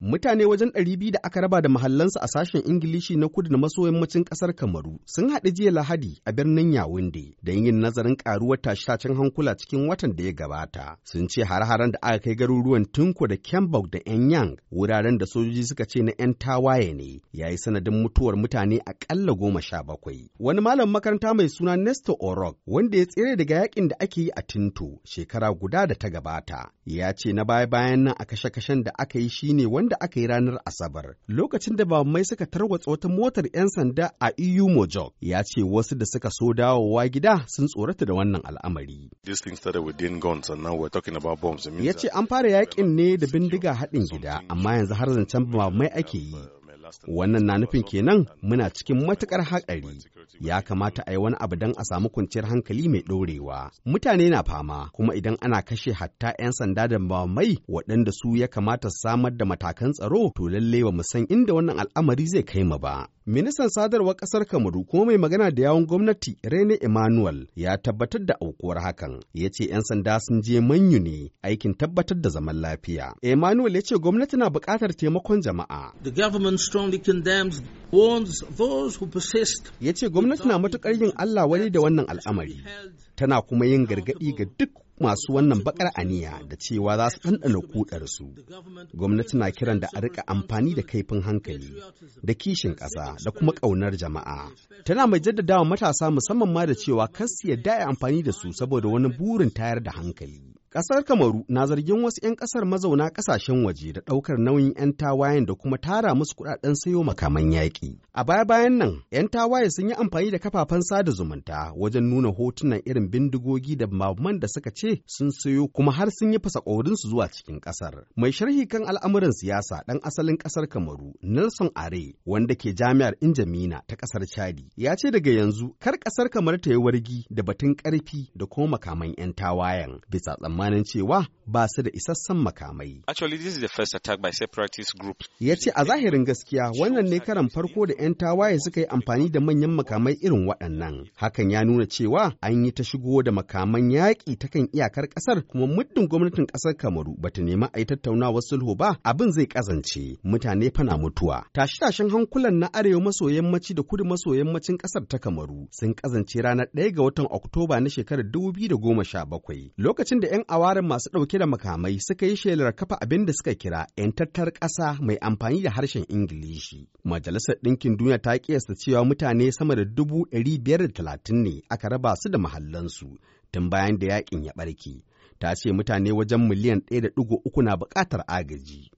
Mutane wajen ɗari biyu da aka raba da mahallansu a sashen Ingilishi na kudu na maso yammacin ƙasar Kamaru sun haɗu jiya Lahadi a birnin Yawunde da yin nazarin ƙaruwar tashe-tashen hankula cikin watan da ya gabata. Sun ce har-haren da aka kai garuruwan Tinko da Kembok da Enyang wuraren da sojoji suka ce na 'yan tawaye ne ya yi sanadin mutuwar mutane aƙalla goma sha bakwai. Wani malam makaranta mai suna Nesto Orok wanda ya tsere daga yaƙin da ake yi a Tinto shekara guda da ta gabata ya ce na baya-bayan nan a kashe-kashen da aka yi shine wani taron da aka yi ranar Asabar. Lokacin da mai suka tarwatsa wata motar 'yan sanda a EU Mojok ya ce wasu da suka so dawowa gida sun tsorata da wannan al'amari. Ya ce an fara yakin ne da bindiga haɗin gida amma yanzu har zancen mai ake yi. Wannan na nufin kenan muna cikin matuƙar haƙari. Ya kamata a yi wani abu don a samu kwanciyar hankali mai ɗorewa. Mutane na fama, kuma idan ana kashe hatta 'yan sanda da mai waɗanda su ya kamata samar da matakan tsaro, to lallai ba mu san inda wannan al'amari zai kai mu ba. Ministan sadarwar ƙasar Kamaru kuma mai magana da yawon gwamnati Rene Emmanuel ya tabbatar da aukuwar hakan. Ya ce 'yan sanda sun je manyu ne aikin tabbatar da zaman lafiya. Emmanuel ya ce gwamnati na buƙatar taimakon jama'a. strongly condemns Ya ce gwamnati na matuƙar yin Allah wani da wannan al'amari, tana kuma yin gargaɗi ga duk masu wannan bakar aniya da cewa za su ɗanɗana kudarsu. Gwamnati na kiran da a rika amfani da kaifin hankali, da kishin ƙasa, da kuma ƙaunar jama'a. Tana mai jaddadawa matasa musamman ma da cewa kan su yarda amfani da su saboda wani burin tayar da hankali. Ƙasar Kamaru na zargin wasu 'yan ƙasar mazauna ƙasashen waje da ɗaukar nauyin 'yan tawayen da kuma tara musu kuɗaɗen sayo makaman yaƙi. A baya-bayan nan, 'yan tawaye sun yi amfani da kafafen sada zumunta wajen nuna hotunan irin bindigogi da maman da suka ce sun sayo kuma har sun yi su zuwa cikin ƙasar. Mai sharhi kan al'amuran siyasa ɗan asalin ƙasar Kamaru, Nelson Are, wanda ke jami'ar Injamina ta ƙasar Chadi, ya ce daga yanzu kar ƙasar Kamaru ta yi wargi da batun ƙarfi da kuma makaman 'yan tawayen bisa tsammani. tsammanin cewa ba su da isassan makamai. Ya ce a zahirin gaskiya wannan ne karan farko da 'yan tawaye suka yi amfani da manyan makamai irin waɗannan. Hakan ya nuna cewa an yi ta shigo da makaman yaƙi ta kan iyakar ƙasar kuma muddin gwamnatin ƙasar Kamaru ba ta nemi a yi tattaunawar sulhu ba abin zai kazance, mutane fana mutuwa. Tashe-tashen hankulan na arewa maso yammaci da kudu maso yammacin ƙasar ta Kamaru sun kazance ranar 1 ga watan Oktoba na shekarar 2017 lokacin da 'yan awarin masu ɗauke da makamai suka yi shelar kafa abin da suka kira 'yan tattar ƙasa mai amfani da harshen Ingilishi. Majalisar Ɗinkin Duniya ta kiyasta cewa mutane sama da dubu ɗari biyar da talatin ne aka raba su da mahallansu tun bayan da yakin ya ɓarke. Ta ce mutane wajen miliyan ɗaya da ɗigo uku na buƙatar agaji.